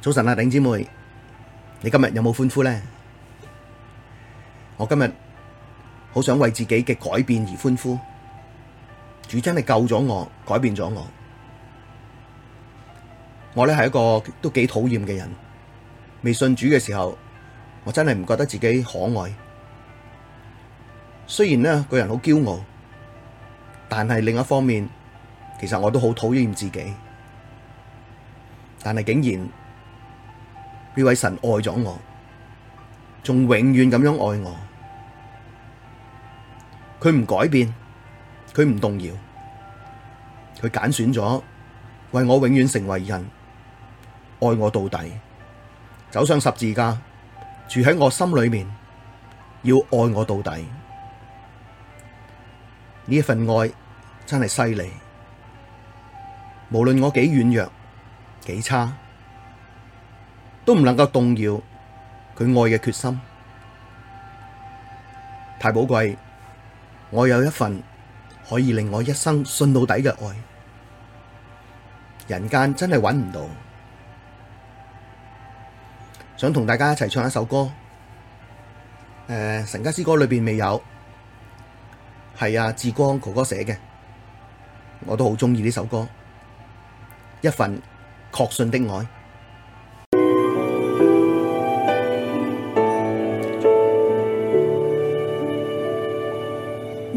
早晨啊，頂姐妹，你今日有冇歡呼呢？我今日好想為自己嘅改變而歡呼。主真係救咗我，改變咗我。我呢係一個都幾討厭嘅人。未信主嘅時候，我真係唔覺得自己可愛。雖然呢個人好驕傲，但係另一方面，其實我都好討厭自己。但係竟然。呢位神愛咗我，仲永遠咁樣愛我，佢唔改變，佢唔動搖，佢揀選咗為我永遠成為人，愛我到底，走上十字架，住喺我心裏面，要愛我到底，呢一份愛真係犀利，無論我幾軟弱，幾差。都唔能夠動搖佢愛嘅決心，太寶貴。我有一份可以令我一生信到底嘅愛，人間真係揾唔到。想同大家一齊唱一首歌，誒、呃，神家詩歌裏邊未有，係阿志光哥哥寫嘅，我都好中意呢首歌，一份確信的愛。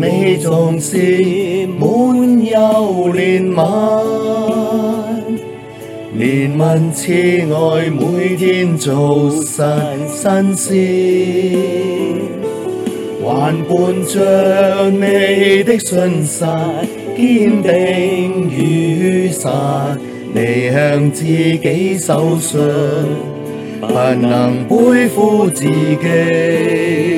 你總是滿有憐憫，憐憫慈愛，每天早晨新鮮，還伴着你的信實，堅定如山，你向自己守信，不能背乎自己。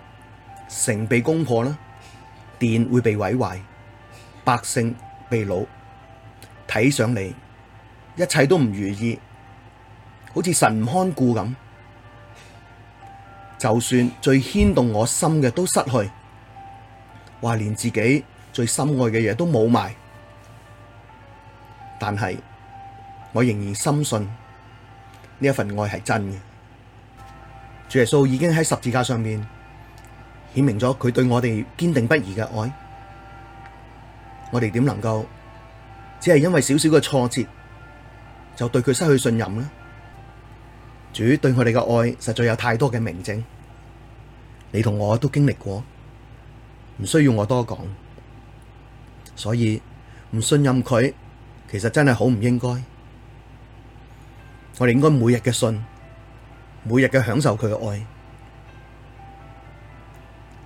城被攻破啦，殿會被毀壞，百姓被擄，睇上嚟，一切都唔如意，好似神唔看顧咁。就算最牽動我心嘅都失去，話連自己最心愛嘅嘢都冇埋，但係我仍然深信呢一份愛係真嘅。主耶穌已經喺十字架上面。顯明咗佢對我哋堅定不移嘅愛，我哋點能夠只係因為少少嘅挫折就對佢失去信任呢？主對我哋嘅愛實在有太多嘅明證，你同我都經歷過，唔需要我多講。所以唔信任佢，其實真係好唔應該。我哋應該每日嘅信，每日嘅享受佢嘅愛。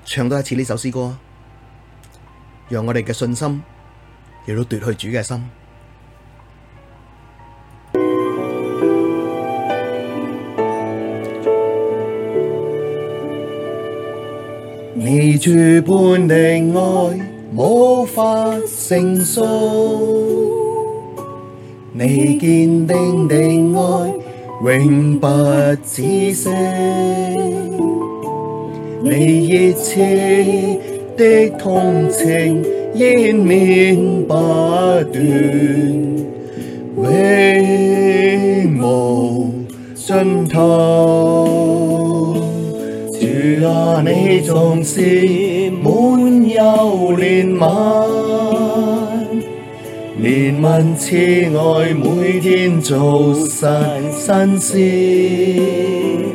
唱多一次呢首詩歌，讓我哋嘅信心，亦都奪去主嘅心。 你諸般嘅愛無法勝數，你堅定嘅愛永不止息。你熱切的同情延綿不斷，永無盡頭。主啊你，你仲是滿有憐憫，憐憫、慈愛，每天早晨新鮮。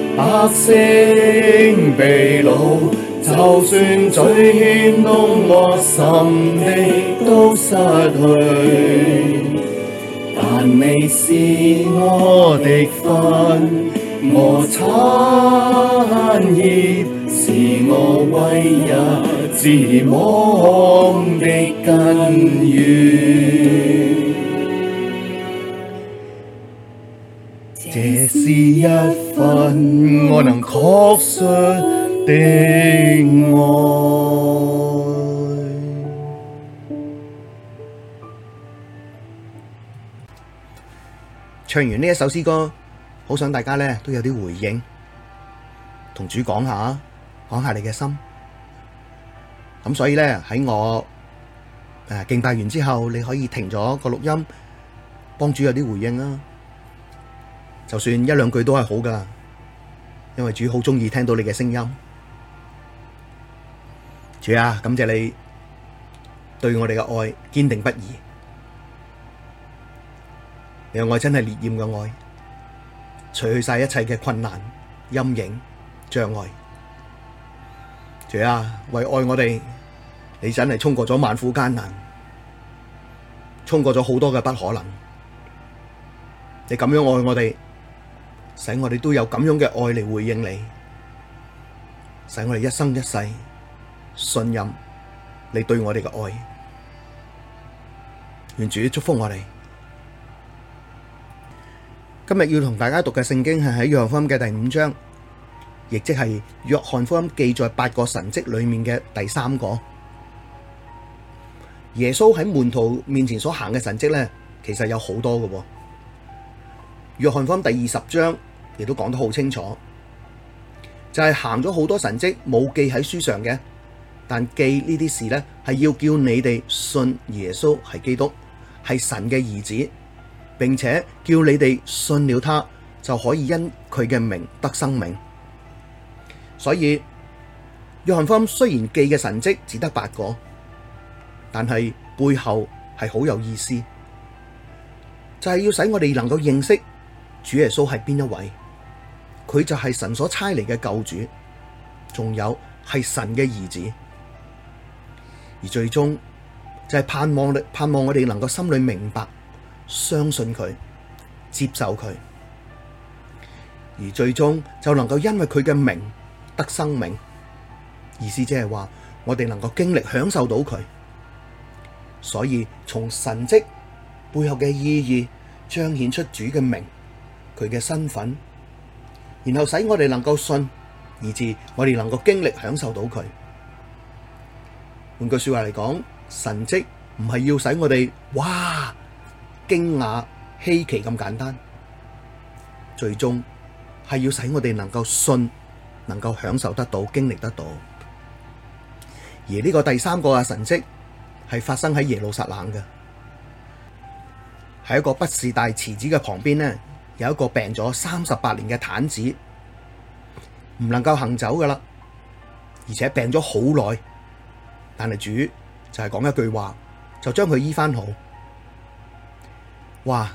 百姓被擄，就算最牽動我心的都失去，但你是我的分，我產業，是我唯一指望的根源。這是一份我能確信的愛。唱完呢一首詩歌，好想大家咧都有啲回應，同主講下，講下你嘅心。咁所以咧，喺我誒敬拜完之後，你可以停咗個錄音，幫主有啲回應啦。就算一兩句都係好噶因為主好鍾意聽到你嘅聲音。主啊，感謝你對我哋嘅愛堅定不移，你嘅愛真係烈焰嘅愛，除去晒一切嘅困難、陰影、障礙。主啊，為愛我哋，你真係衝過咗萬苦艱難，衝過咗好多嘅不可能，你咁樣愛我哋，使我哋都有咁樣嘅愛嚟回應你，使我哋一生一世信任你對我哋嘅愛。願主祝福我哋。今日要同大家讀嘅聖經係喺約翰福音嘅第五章，亦即係約翰福音記載八個神蹟裏面嘅第三個。耶穌喺門徒面前所行嘅神蹟咧，其實有好多嘅。約翰福音第二十章亦都講得好清楚，就係行咗好多神蹟冇記喺書上嘅，但記呢啲事呢，係要叫你哋信耶穌係基督，係神嘅兒子，並且叫你哋信了他就可以因佢嘅名得生命。所以約翰福音雖然記嘅神蹟只得八個，但係背後係好有意思，就係要使我哋能夠認識。主耶穌係邊一位？佢就係神所差嚟嘅救主，仲有係神嘅兒子。而最終就係盼望，盼望我哋能夠心裏明白、相信佢、接受佢，而最終就能夠因為佢嘅名得生命。意思即係話，我哋能夠經歷享受到佢。所以從神蹟背後嘅意義，彰顯出主嘅名。佢嘅身份，然後使我哋能夠信，以致我哋能夠經歷享受到佢。換句說話嚟講，神迹唔係要使我哋哇驚訝、稀奇咁簡單，最終係要使我哋能夠信，能夠享受得到、經歷得到。而呢個第三個嘅神跡係發生喺耶路撒冷嘅，喺一個畢士大池子嘅旁邊呢。有一個病咗三十八年嘅癱子，唔能夠行走噶啦，而且病咗好耐，但係主就係講一句話，就將佢醫翻好。哇！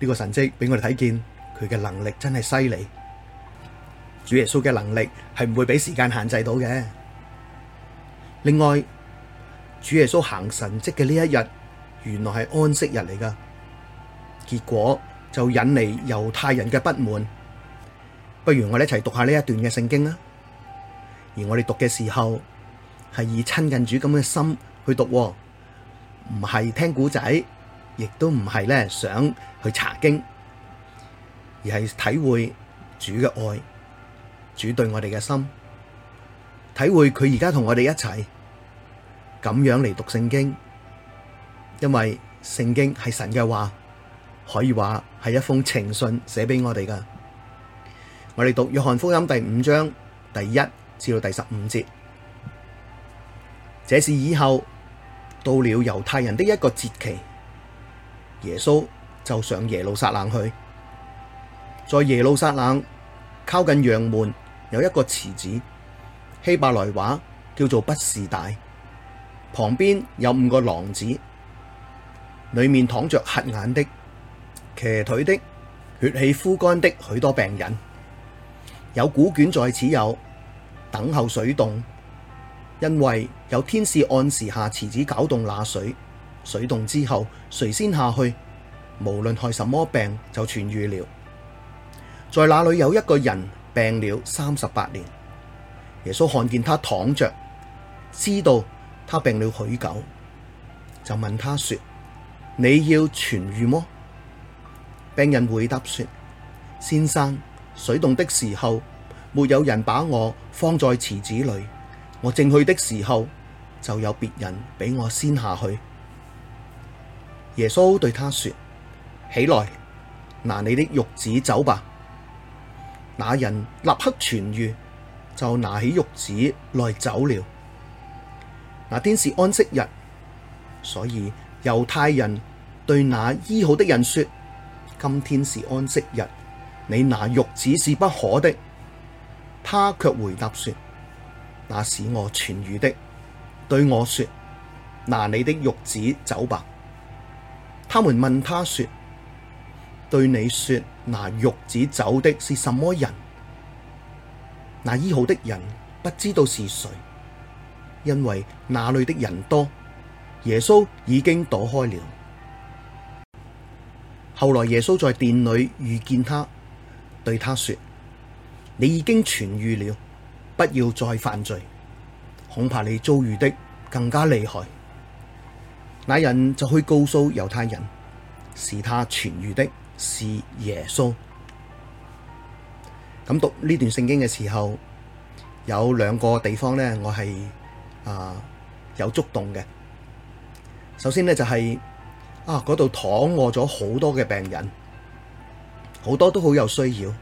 呢個神蹟俾我哋睇見，佢嘅能力真係犀利。主耶穌嘅能力係唔會俾時間限制到嘅。另外，主耶穌行神蹟嘅呢一日，原來係安息日嚟噶，結果。就引嚟猶太人嘅不滿，不如我哋一齊讀下呢一段嘅聖經啦。而我哋讀嘅時候，係以親近主咁嘅心去讀，哦，唔係聽古仔，亦都唔係咧想去查經，而係體會主嘅愛，主對我哋嘅心，體會佢而家同我哋一齊咁樣嚟讀聖經，因為聖經係神嘅話。可以話係一封情信寫畀我哋嘅。我哋讀約翰福音第五章第一至到第十五節。這事以後，到了猶太人的一個節期，耶穌就上耶路撒冷去，在耶路撒冷靠近羊門有一個池子，希伯來話叫做畢士大，旁邊有五個廊子，裡面躺着瞎眼的。瘸腿的、血氣枯乾的許多病人，有古卷在此有等候水動，因為有天使按時下池子攪動那水，水動之後，誰先下去，無論害什麼病就痊癒了。在那裡有一個人病了三十八年，耶穌看見他躺着，知道他病了許久，就問他說：你要痊癒麼？病人回答說：先生，水動的時候，沒有人把我放在池子裡。我正去的時候，就有別人比我先下去。耶穌對他說：起來，拿你的褥子走吧。那人立刻痊癒，就拿起褥子來走了。那天是安息日，所以猶太人對那醫好的人說。今天是安息日，你拿褥子是不可的。他卻回答說：那使我痊癒的，對我說拿你的褥子走吧。他們問他說：對你說拿褥子走的是什麼人？那醫好的人不知道是誰，因為那裡的人多，耶穌已經躲開了。後來耶穌在殿裡遇見他，對他說：你已經痊癒了，不要再犯罪，恐怕你遭遇的更加厲害。那人就去告訴猶太人，使他痊癒的，是耶穌。咁讀呢段聖經嘅時候，有兩個地方呢，我係啊有觸動嘅。首先呢，就是，就係。啊！嗰度躺卧咗好多嘅病人，好多都好有需要，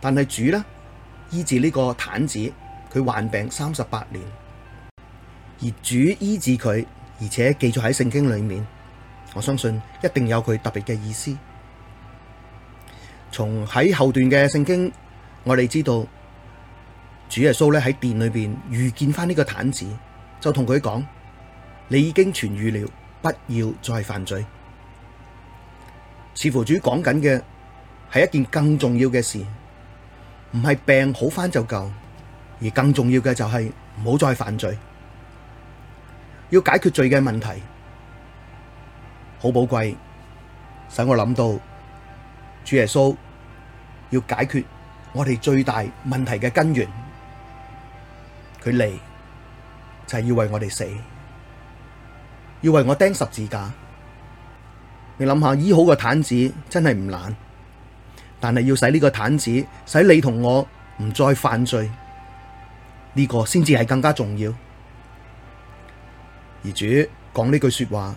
但係主呢，醫治呢個癱子，佢患病三十八年，而主醫治佢，而且記載喺聖經裏面，我相信一定有佢特別嘅意思。從喺後段嘅聖經，我哋知道主耶穌咧喺殿裏邊遇見翻呢個癱子，就同佢講：你已經痊愈了。不要再犯罪，似乎主講緊嘅係一件更重要嘅事，唔係病好返就夠，而更重要嘅就係唔好再犯罪，要解決罪嘅問題，好寶貴，使我諗到主耶穌要解決我哋最大問題嘅根源，佢嚟就係要為我哋死。要為我釘十字架，你諗下醫好個癱子真係唔難，但係要使呢個癱子使你同我唔再犯罪，呢個先至係更加重要。而主講呢句說話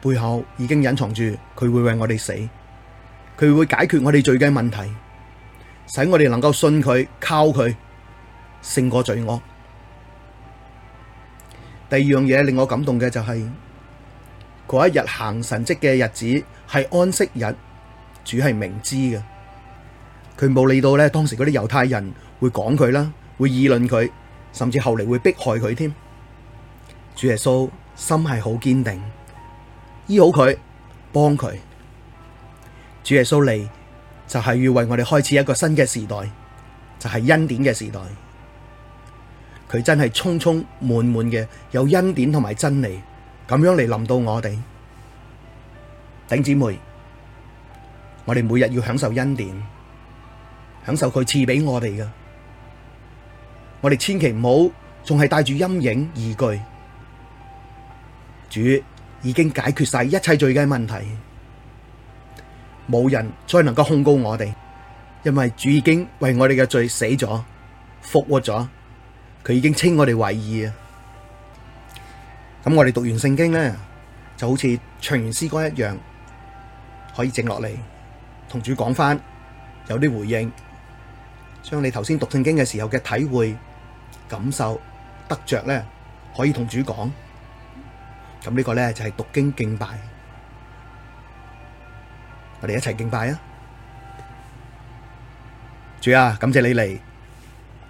背後已經隱藏住佢會為我哋死，佢會解決我哋罪嘅問題，使我哋能夠信佢、靠佢，勝過罪惡。第二樣嘢令我感動嘅就係、是、嗰一日行神迹嘅日子係安息日，主係明知嘅，佢冇理到咧當時嗰啲猶太人會講佢啦，會議論佢，甚至後嚟會迫害佢添。主耶穌心係好堅定，醫好佢，幫佢。主耶穌嚟就係、是、要為我哋開始一個新嘅時代，就係、是、恩典嘅時代。佢真係充充滿滿嘅有恩典同埋真理，咁樣嚟臨到我哋，頂姊妹，我哋每日要享受恩典，享受佢賜畀我哋㗎，我哋千祈唔好仲係帶住陰影而居。主已經解決晒一切罪嘅問題，冇人再能夠控告我哋，因為主已經為我哋嘅罪死咗、復活咗。佢已經稱我哋為義啊！咁我哋讀完聖經咧，就好似唱完詩歌一樣，可以靜落嚟同主講翻，有啲回應，將你頭先讀聖經嘅時候嘅體會、感受、得着咧，可以同主講。咁呢個咧就係讀經敬拜，我哋一齊敬拜啊！主啊，感謝你嚟。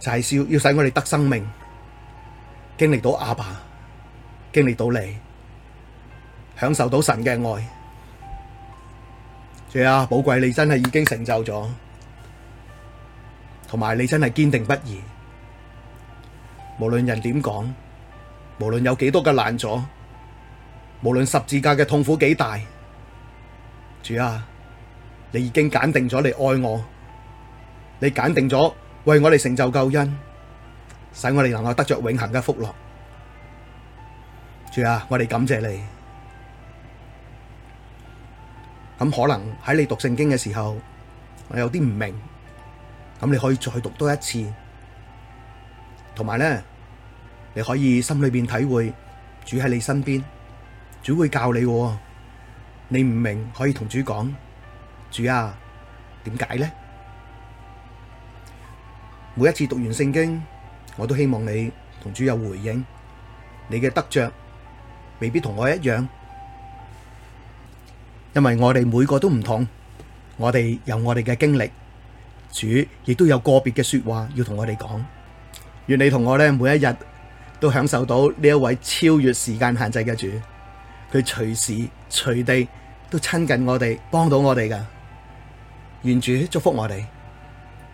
就係要要使我哋得生命，經歷到阿爸，經歷到你，享受到神嘅愛。主啊，寶貴，你真係已經成就咗，同埋你真係堅定不移，無論人點講，無論有幾多嘅難阻，無論十字架嘅痛苦幾大，主啊，你已經揀定咗你愛我，你揀定咗。為我哋成就救恩，使我哋能夠得着永恒嘅福樂。主啊，我哋感謝你。咁可能喺你讀聖經嘅時候，我有啲唔明。咁你可以再讀多一次，同埋咧，你可以心裏邊體會，主喺你身邊，主會教你嘅。你唔明可以同主講，主啊，點解咧？每一次讀完聖經，我都希望你同主有回應。你嘅得着未必同我一樣，因為我哋每個都唔同，我哋有我哋嘅經歷。主亦都有個別嘅說話要同我哋講。願你同我咧，每一日都享受到呢一位超越時間限制嘅主，佢隨時隨地都親近我哋，幫到我哋噶。願主祝福我哋。